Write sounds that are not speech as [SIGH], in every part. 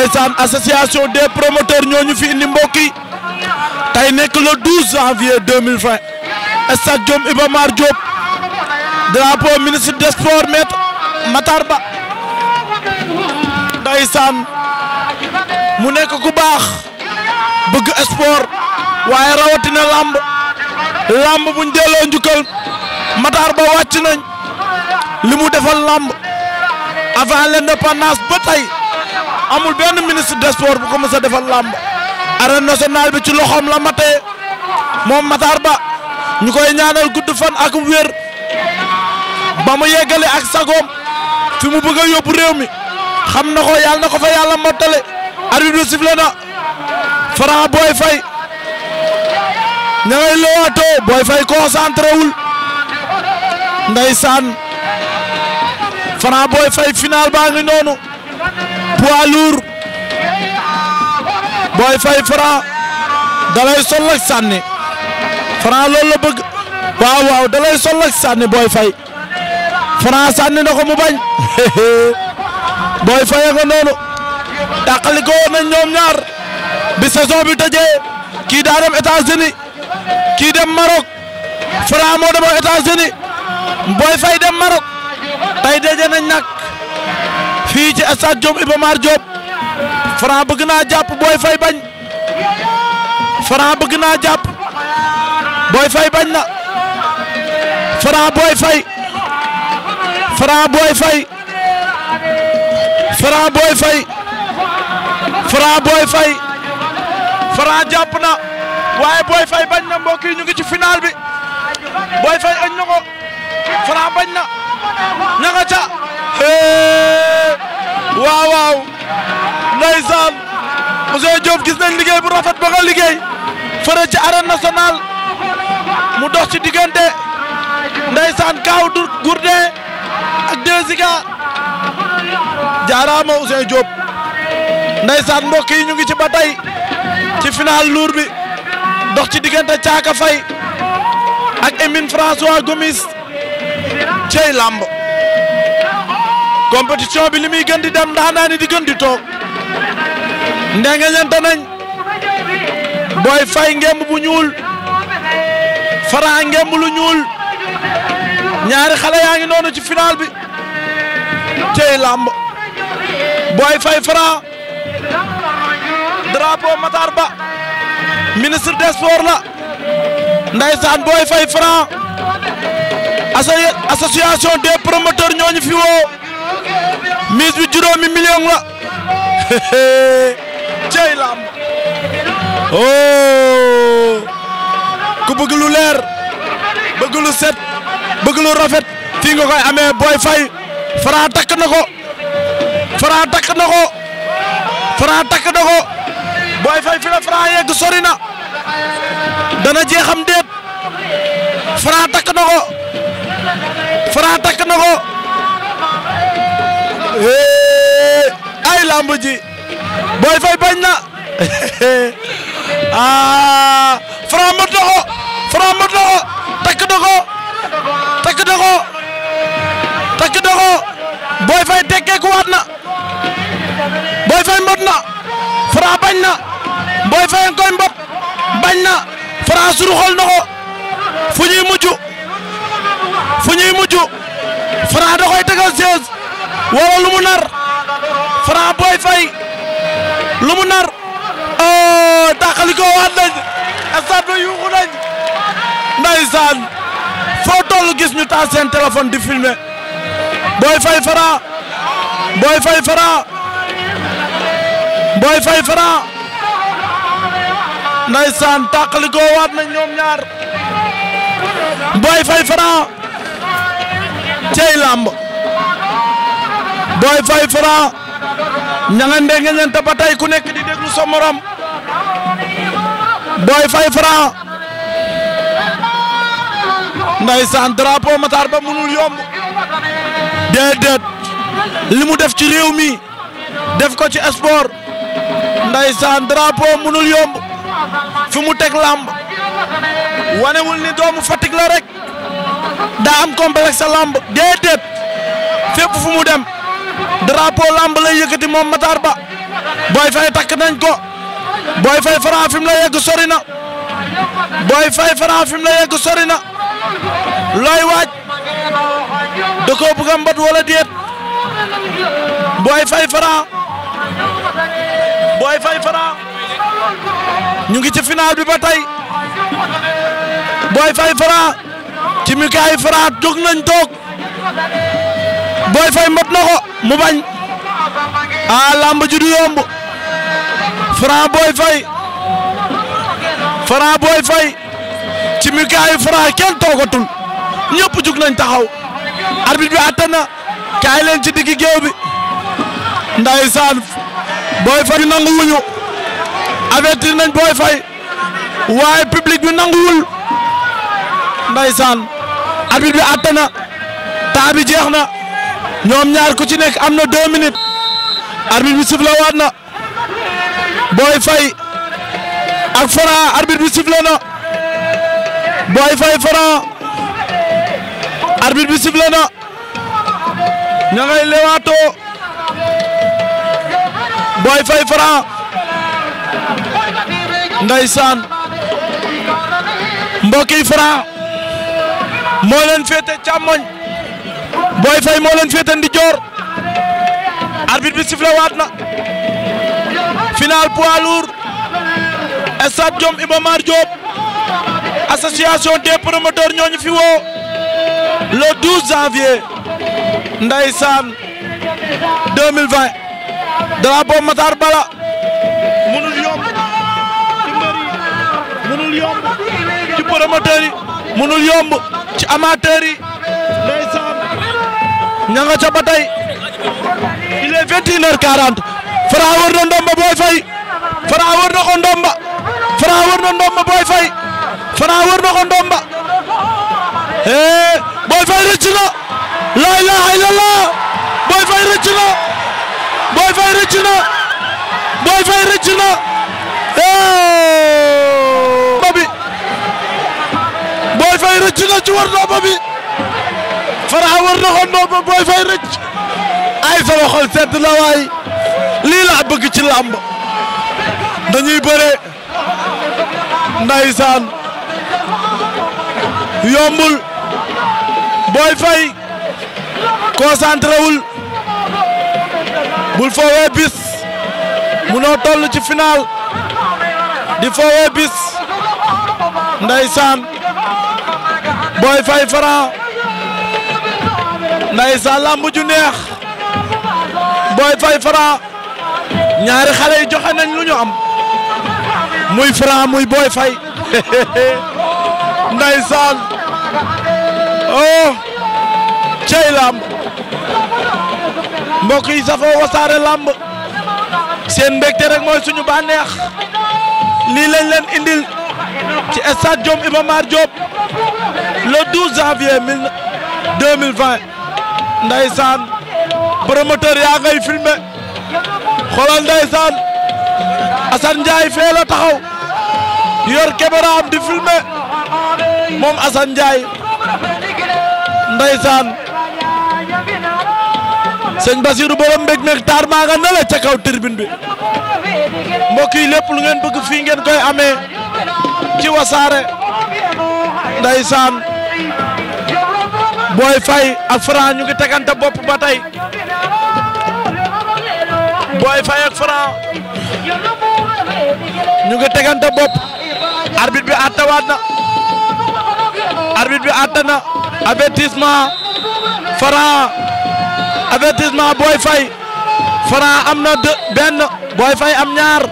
ndeysaan association des promoteurs ñoo ñu fi indi mbokk tey nekk le 12 janvier 2020 stade Diom Iba drapeau ministre des sports maître Matar Ba ndeysaan mu nekk ku baax bëgg sport waaye rawatina lamb lamb buñ delloo njukkal Matar Ba wàcc nañ li mu defal lamb avant l'indépendance ba tey amul benn ministre des bu ko mës defal làmb arène nationale bi ci loxoom la matee moom Matar Ba ñu koy ñaanal gudd fan ak wér ba mu yeggale ak sagoom fi mu bëgg yóbbu réew mi xam na ko yàlla na ko fa yàlla mottale arbitre bi sifflé na Franc Boy Faye ña ngay lewaatoo Boy Faye concentré wul ndeysaan Franc Boy Faye baa ngi noonu poids lourd Boy Faye Franc dalay sol ak sànni Franc bëgg waaw waaw dalay sol ak sànni Boy Faye Franc na ko mu bañ [LAUGHS] Boy Faye nga noonu tàqali ko woon ñoom ñaar bi saison bi tëjee kii daa dem états kii dem Maroc Franc moo demoo États-Unis Boy Faye dem Maroc tey daje nañ nag fii ci stade Diop Iba Mar Diop Franc bëgg naa jàpp Boy Faye bañ Franc bëgg naa jàpp Boy Faye bañ na Franc Boy Faye Franc Boy Faye Franc Boy Faye Franc Boy jàpp na waaye Boy Faye bañ na mbokk yi ñu ngi ci final bi booy Faye añ na ko Franc bañ na ña waaw waaw ndeysaan monsieur Diop gis nañ liggéey bu rafet ba nga liggéey fëre ci arène nationale mu dox ci diggante ndeysaan kaaw du ak deux jaaraama Ousseyn Diop ndeysaan mbokk ñu ngi ci ba ci final lour bi dox ci diggante Caaka Fay ak Emine François Gomis cey lamb compétition bi li muy gën di dem ndax di gën di toog ndengeñante nañ Boy Faye ngemb bu ñuul Franc ngemb lu ñuul ñaari xale yaa ngi noonu ci final bi tey làmb Boy Faye Franc drapeau Matar Ba ministre des sports la ndaysaan Boy Faye Franc association des promoteurs ñooñu fi woo mise bi juróomi million la [LAUGHS] cey lamb oh ku bëgg lu leer bëgg lu set bëgg lu rafet fii nga koy amee Boy Faye Franc takk na ko Franc takk na ko Franc takk na ko Boy Faye fi la Franc yegg sori na dana jeexam déet Franc takk na ko Franc takk na ko ay lamb ji Boy Faye bañ na [LAUGHS] ah Franc mbot na ko fay lu mu nar taxali oh, ko waat nañ stade ba yuuxu nañ ndeysaan foo toll gis ñu taal seen téléphone di filmer booy fay fara booy fay fara booy fay fara ndeysaan taxali ko waat nañ ñoom ñaar booy fay fara cey làmb booy fay fara ña nga ndenge ta ba tey ku nekk di déglu sa morom Boy Faye Franc ndeysaan drapeau Matar Ba munul yomb déedéet li mu def ci réew mi def ko ci sport ndeysaan drapeau munul yomb fi mu teg làmb wanewul ni doomu Fatick la rek daa am complexe sa làmb déedéet fépp fu mu dem drapeau lamb lay yëkkati moom Matar Ba Boy Faye takk nañ ko Boy Faye Franc fi la yegg sori na Boy Faye Franc fi na looy waaj da koo bëgg a mbat wala déet Boy ñu ngi ci final bi ba tey Boy Faye Franc ci mi kaay nañ toog Boy Faye mbot ko mu bañ a lamb ji yomb Franc Boy Faye Franc Boy Faye ci mi kaayu Franc kenn toogatul ñëpp jug nañ taxaw arbitre bi atte na kaay leen ci diggi géew bi ndeysaan Boy Faye bi nangu wuñu avertir nañ Boy Faye waaye public bi nanguwul ndeysaan arbitre bi atte na taa jeex na ñoom ñaar ku ci nekk am na deux minutes arbitre bi sifflé waat na booy Faye ak Franc arbitre bi sifflé na Boy Faye Franc arbitre bi sifflé na ña ngay lewaato Boy Faye Franc ndeysaan mbokk yi Franc moo leen féete càmmoñ Boy Faye moo leen féete ndijoor arbitre bi sifflé waat na final poids lourd stade Diom Iba Mar Diop association des promoteurs ñooñu fi woo le 12 janvier ndeysaan 2020 drapeau Matar Bala munul yomb ci mbër munul yomb ci promoteurs yi munul yomb ci amateurs yi ña nga ca ba tey il est vingt et une heures quarante Boy Faye Franc wër na ko ndomba Franc wër Boy Faye Franc na ko ndomba eh Boy Faye rëcc na Boy Faye rëcc na Boy Faye rëcc na Boy Faye rëcc na eh Boy Faye rëcc na ci war ndomba bi Fara war na ko ndomba Boy Faye rëcc ay sama xol sedd na waay lii laa bëgg ci làmb dañuy bëre ndaysaan yombul Boy Faye concentré wul bul foowee bis munoo toll ci final di foowee bis ndaysaan Boy Faye Franc ndeysaan lamb ju neex Boy Faye Franc ñaari xale yi joxe nañ lu ñu am muy Franc muy Boy Faye [LAUGHS] ndeysaan oh cey lamb mbokk yi safoo wasaare lamb seen mbégte rek mooy suñu bànneex lii lañ leen indil ci stade Diop Iba Mar Diop le 12 janvier 2020 ndeysaan promoteur yaa ngay filmé xoolal ndeysaan Assane Ndiaye fee taxaw yor caméraam di filmé moom Assane Ndiaye ndeysaan sëñ Basiirou borom mbég meeg taar maa nga ne ca kaw tribune bi mbokk yi lépp lu ngeen bëgg fii ngeen koy amee ci wasaare ndeysaan Boy Faye ak Franc ñu ngi tegante bopp ba tey Boy Faye ak ñu ngi tegante bopp arbitre bi àttewaat na arbitre bi àtte na avertissement Franc avertissement Boy Faye Franc am na deux benn Boy Faye am ñaar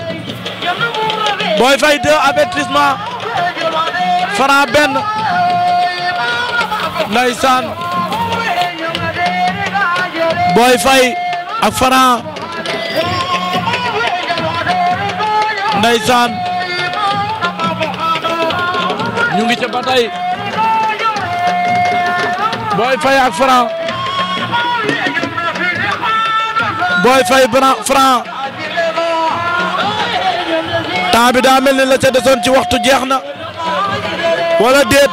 Boy Faye deux avertissement Franc benn ndeysaan Boy Faye ak Franc ndeysaan ak Franc Boy Faye bi daa mel ni la ca desoon ci waxtu jeex na wala déet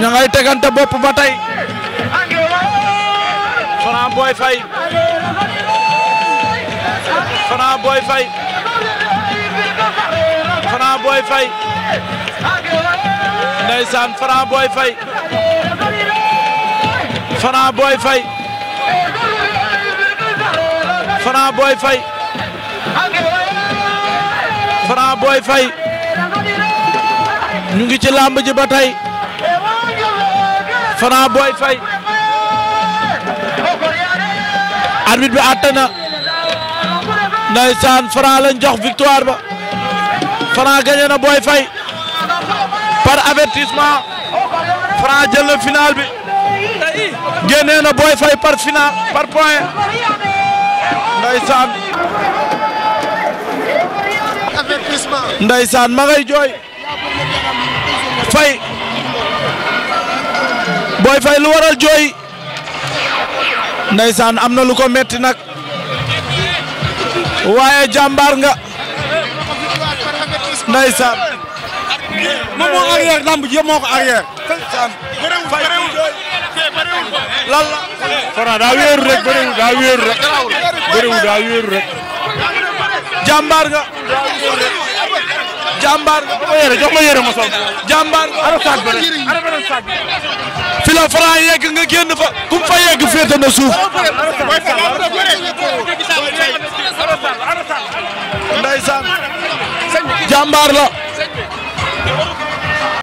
ña ngay tegante bopp ba tey Franc Boy Faye Franc Boy Faye Franc Boy Faye ñu ngi ci làmb Franc Boy Faye arbitre bi àtte na ndeysaan Franc lañ jox victoire ba Franc gagné na Boy par avertissement Franc jël na final bi génnee na par final par point ndeysaan avertissement ndeysaan ngay jooy Faye Boy lu waral jooy ndeysaan am na lu ko metti nag waaye jàmbaar nga ndeysaan na moo arrière lamb ji moo ko arrière lan nga jàmbaar nga. jox ma yére jox ma yére nga. ara fa. ku mu fa yegg na suuf. ndeysaan jàmbaar la.